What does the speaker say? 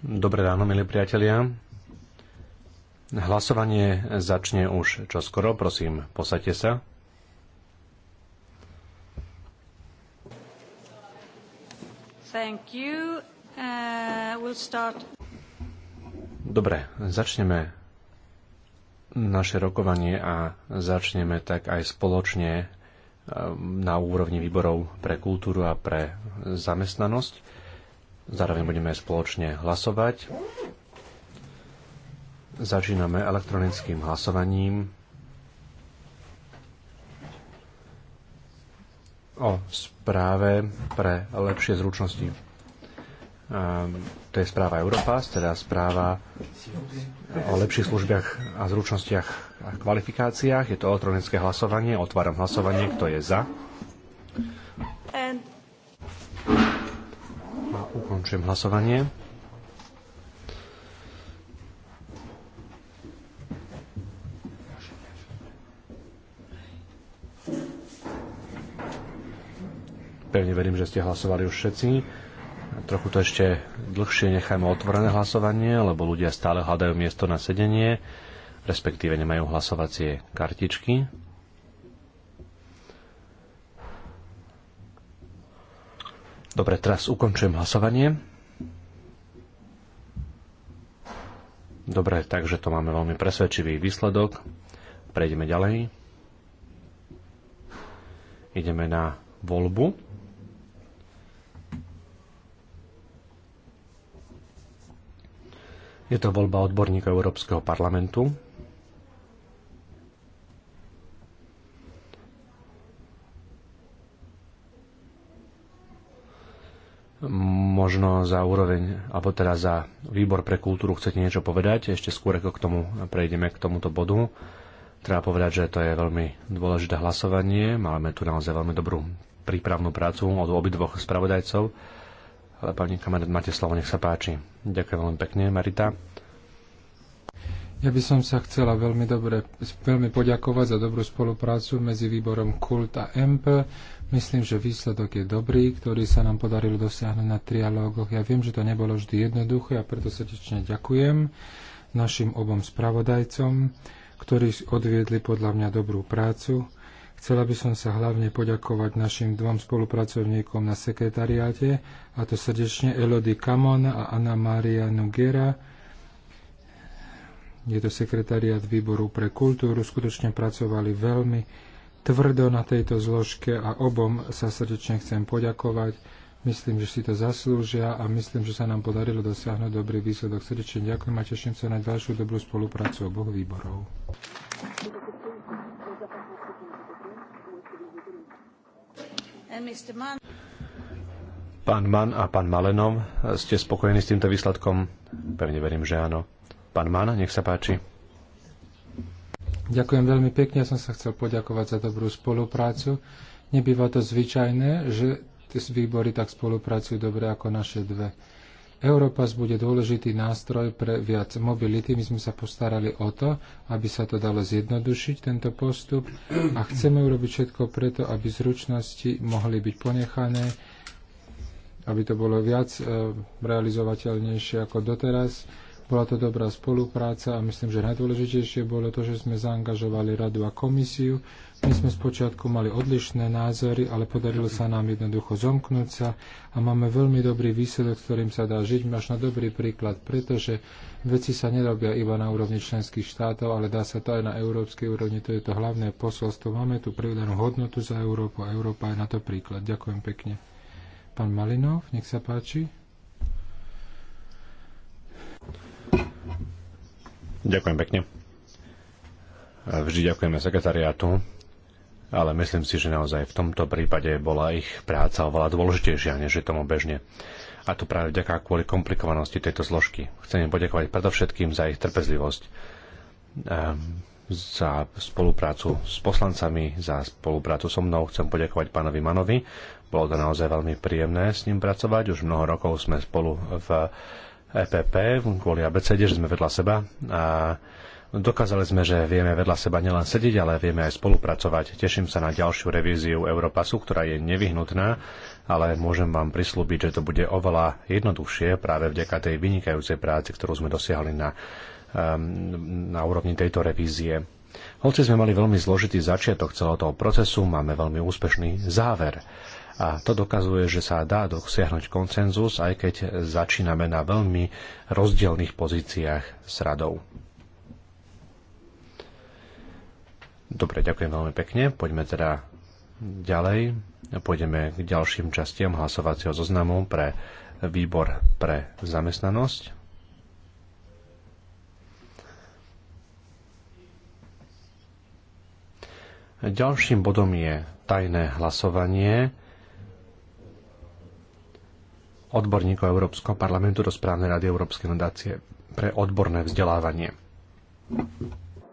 Dobré ráno, milí priatelia. Hlasovanie začne už čoskoro. Prosím, posaďte sa. Thank you. Uh, we'll start. Dobre, začneme naše rokovanie a začneme tak aj spoločne um, na úrovni výborov pre kultúru a pre zamestnanosť. Zároveň budeme spoločne hlasovať. Začíname elektronickým hlasovaním o správe pre lepšie zručnosti. Ehm, to je správa Europass, teda správa o lepších službách a zručnostiach a kvalifikáciách. Je to elektronické hlasovanie. Otváram hlasovanie. Kto je za? Ukončujem hlasovanie. Pevne verím, že ste hlasovali už všetci. Trochu to ešte dlhšie nechajme otvorené hlasovanie, lebo ľudia stále hľadajú miesto na sedenie, respektíve nemajú hlasovacie kartičky. Dobre, teraz ukončujem hlasovanie. Dobre, takže to máme veľmi presvedčivý výsledok. Prejdeme ďalej. Ideme na voľbu. Je to voľba odborníka Európskeho parlamentu možno za úroveň, alebo teda za výbor pre kultúru chcete niečo povedať, ešte skôr ako k tomu prejdeme k tomuto bodu. Treba povedať, že to je veľmi dôležité hlasovanie. Máme tu naozaj veľmi dobrú prípravnú prácu od obidvoch spravodajcov. Ale pani kamarát, máte slovo, nech sa páči. Ďakujem veľmi pekne, Marita. Ja by som sa chcela veľmi, dobre, veľmi poďakovať za dobrú spoluprácu medzi výborom Kult a MP. Myslím, že výsledok je dobrý, ktorý sa nám podarilo dosiahnuť na trialógoch. Ja viem, že to nebolo vždy jednoduché a preto srdečne ďakujem našim obom spravodajcom, ktorí odviedli podľa mňa dobrú prácu. Chcela by som sa hlavne poďakovať našim dvom spolupracovníkom na sekretariáte, a to srdečne Elodie Kamon a Anna Maria Nugera, je to sekretariat výboru pre kultúru, skutočne pracovali veľmi tvrdo na tejto zložke a obom sa srdečne chcem poďakovať. Myslím, že si to zaslúžia a myslím, že sa nám podarilo dosiahnuť dobrý výsledok. Srdečne ďakujem a teším sa na ďalšiu dobrú spoluprácu oboch výborov. Pán Mann a pán Malenom, ste spokojení s týmto výsledkom? Pevne verím, že áno. Pán Mána, nech sa páči. Ďakujem veľmi pekne. Ja som sa chcel poďakovať za dobrú spoluprácu. Nebýva to zvyčajné, že výbory tak spolupracujú dobre ako naše dve. Europas bude dôležitý nástroj pre viac mobility. My sme sa postarali o to, aby sa to dalo zjednodušiť, tento postup, a chceme urobiť všetko preto, aby zručnosti mohli byť ponechané, aby to bolo viac eh, realizovateľnejšie ako doteraz bola to dobrá spolupráca a myslím, že najdôležitejšie bolo to, že sme zaangažovali radu a komisiu. My sme spočiatku mali odlišné názory, ale podarilo sa nám jednoducho zomknúť sa a máme veľmi dobrý výsledok, s ktorým sa dá žiť. Máš na dobrý príklad, pretože veci sa nerobia iba na úrovni členských štátov, ale dá sa to aj na európskej úrovni. To je to hlavné posolstvo. Máme tu pridanú hodnotu za Európu a Európa je na to príklad. Ďakujem pekne. Pán Malinov, nech sa páči. Ďakujem pekne. Vždy ďakujeme sekretariátu, ale myslím si, že naozaj v tomto prípade bola ich práca oveľa dôležitejšia, než je tomu bežne. A to práve vďaka kvôli komplikovanosti tejto zložky. Chcem im poďakovať predovšetkým za ich trpezlivosť, ehm, za spoluprácu s poslancami, za spoluprácu so mnou. Chcem poďakovať pánovi Manovi. Bolo to naozaj veľmi príjemné s ním pracovať. Už mnoho rokov sme spolu v EPP kvôli ABCD, že sme vedľa seba a dokázali sme, že vieme vedľa seba nielen sedieť, ale vieme aj spolupracovať. Teším sa na ďalšiu revíziu Europasu, ktorá je nevyhnutná, ale môžem vám prislúbiť, že to bude oveľa jednoduchšie práve vďaka tej vynikajúcej práci, ktorú sme dosiahli na, um, na úrovni tejto revízie. Hoci sme mali veľmi zložitý začiatok celého toho procesu, máme veľmi úspešný záver. A to dokazuje, že sa dá dosiahnuť koncenzus, aj keď začíname na veľmi rozdielných pozíciách s radou. Dobre, ďakujem veľmi pekne. Poďme teda ďalej. Pôjdeme k ďalším častiam hlasovacieho zoznamu pre výbor pre zamestnanosť. Ďalším bodom je tajné hlasovanie odborníkov Európskeho parlamentu do správnej rady Európskej nadácie pre odborné vzdelávanie.